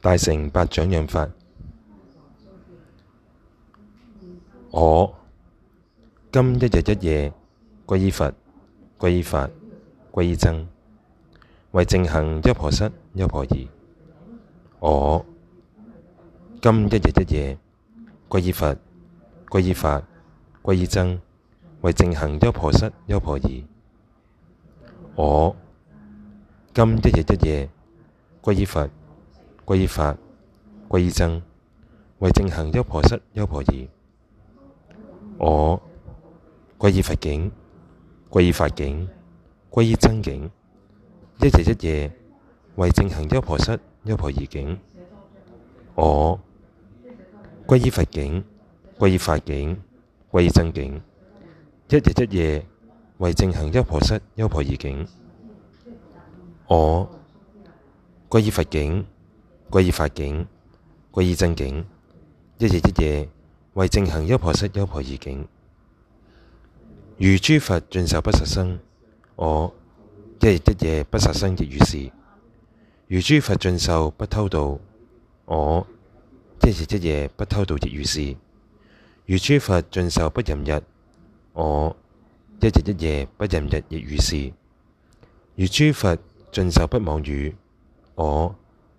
大乘八長養法，我今一日一夜歸依佛、歸依法、歸依僧，為正行優婆塞、優婆夷。我今一日一夜歸依佛、歸依法、歸依僧，為正行優婆塞、優婆夷。我今一日一夜，皈依佛，皈依法，皈依僧，為正行優婆塞、優婆夷。我皈依佛境，皈依法境，皈依僧境，一日一夜為正行優婆塞、優婆夷境。我皈依佛境，皈依法境，皈依僧境，一日一夜為正行優婆塞、優婆夷境。我歸依佛境，歸依法境，歸依僧境，一日一夜為正行優婆塞、優婆夷境。如諸佛盡壽不殺生，我一日一夜不殺生亦如是；如諸佛盡壽不偷盜，我一日一夜不偷盜，亦如是；如諸佛盡壽不淫逸，我一日一夜不淫逸，亦如是；如諸佛。盡壽不妄語，我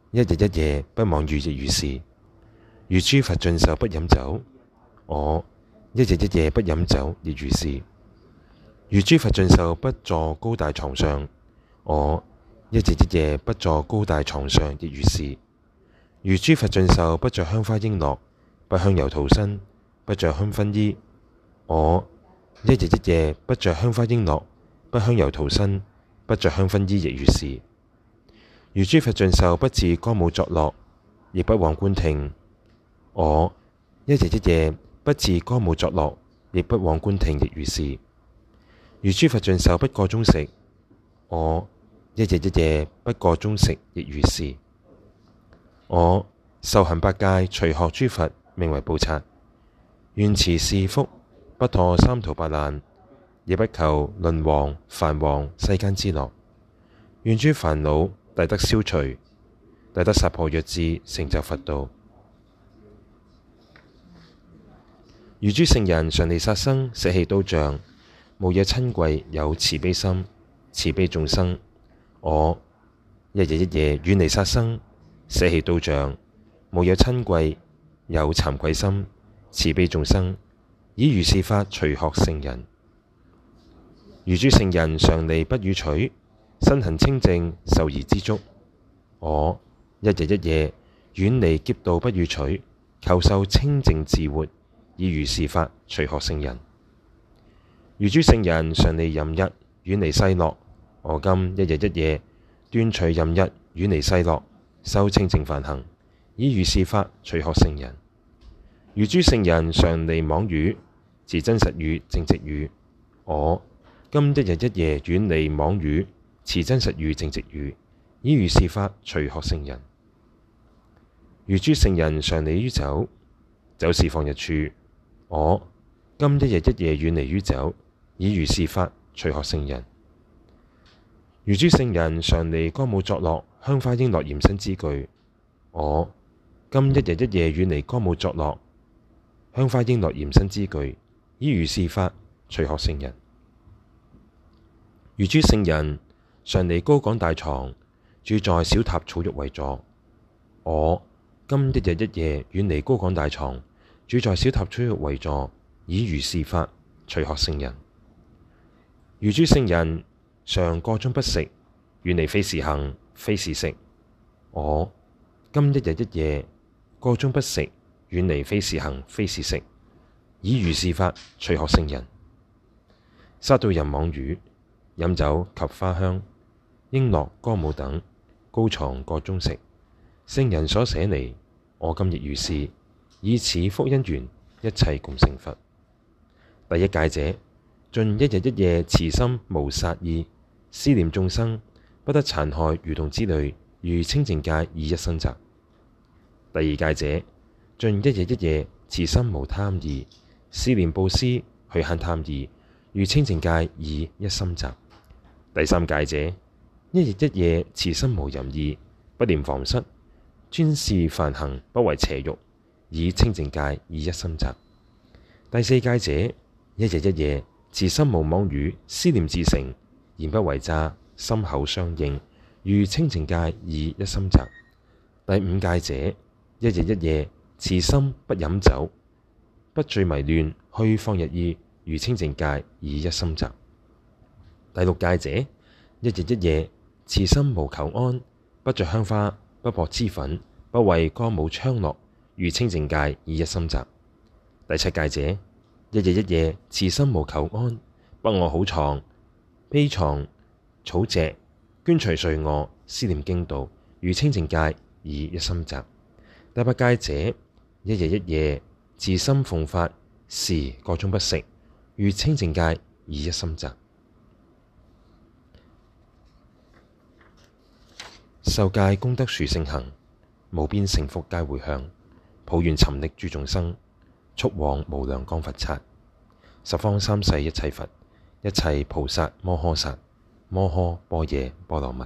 一日一夜不妄語，亦如是；如諸佛盡壽不飲酒，我一日一夜不飲酒，亦如是；如諸佛盡壽不坐高大床上，我一日一夜不坐高大床上，亦如是；如諸佛盡壽不着香花瓔珞，不香油塗身，不着香薰衣，我一日一夜不着香花瓔珞，不香油塗身。不着香薰衣，亦如是；如諸佛盡壽，不自歌舞作樂，亦不往觀聽。我一日一夜，不自歌舞作樂，亦不往觀聽，亦如是；如諸佛盡壽，不過中食。我一日一夜，不過中食，亦如是。我受行八戒，隨學諸佛，名為布薩，願持是福，不墮三途八難。亦不求輪王、梵王世間之樂，願諸煩惱大德消除，大德殺破弱智，成就佛道。如諸聖人常離殺生，捨棄刀杖，無有親貴，有慈悲心，慈悲眾生。我一日一夜遠離殺生，捨棄刀杖，無有親貴，有慚愧心，慈悲眾生，以如是法隨學聖人。如諸聖人常離不與取，身行清淨，受而知足。我一日一夜遠離劫道不與取，求受清淨自活，以如是法隨學聖人。如諸聖人常離淫逸，遠離世樂。我今一日一夜斷取淫逸，遠離世樂，修清淨梵行，以如是法隨學聖人。如諸聖人常離妄語，自真實語、正直語。我今一日一夜遠離妄語，持真實語、正直語，以如是法隨學聖人。如諸聖人常離於酒，酒是放逸處。我今一日一夜遠離於酒，以如是法隨學聖人。如諸聖人常離歌舞作樂，香花應落嚴身之具。我今一日一夜遠離歌舞作樂，香花應落嚴身之具，以如是法隨學聖人。如諸聖人常離高廣大床，住在小榻草蓐為座。我今一日一夜遠離高廣大床，住在小榻草蓐為座，以如是法隨學聖人。如諸聖人常過中不食，遠離非時行非時食。我今一日一夜過中不食，遠離非時行非時食，以如是法隨學聖人。殺盜婬妄語。飲酒及花香、瓔珞、歌舞等，高床過中食。聖人所捨離，我今亦如是。以此福因緣，一切共成佛。第一戒者，盡一日一夜慈心無殺意，思念眾生不得殘害，如同之類，如清淨戒以一心集。第二戒者，盡一日一夜慈心無貪意，思念布施去慳貪意，如清淨戒以一心集。第三戒者，一日一夜持心無淫意，不念房室，專事梵行，不為邪欲，以清淨戒以一心習。第四戒者，一日一夜持心無妄語，思念至誠，言不為詐，心口相應，如清淨戒以一心習。第五戒者，一日一夜持心不飲酒，不醉迷亂，虛放逸意，如清淨戒以一心習。第六戒者，一日一夜，慈心無求安，不着香花，不薄脂粉，不為歌舞昌樂，如清淨戒，以一心集。第七戒者，一日一夜，慈心無求安，不惡好藏悲藏草藉，捐除睡惡思念經道，如清淨戒，以一心集。第八戒者，一日一夜，自心奉法，是各種不食，如清淨戒，以一心集。受戒功德殊勝行，無邊勝福皆回向，抱怨沉溺諸眾生，速往無量光佛剎，十方三世一切佛，一切菩薩摩訶薩摩訶般若波羅蜜。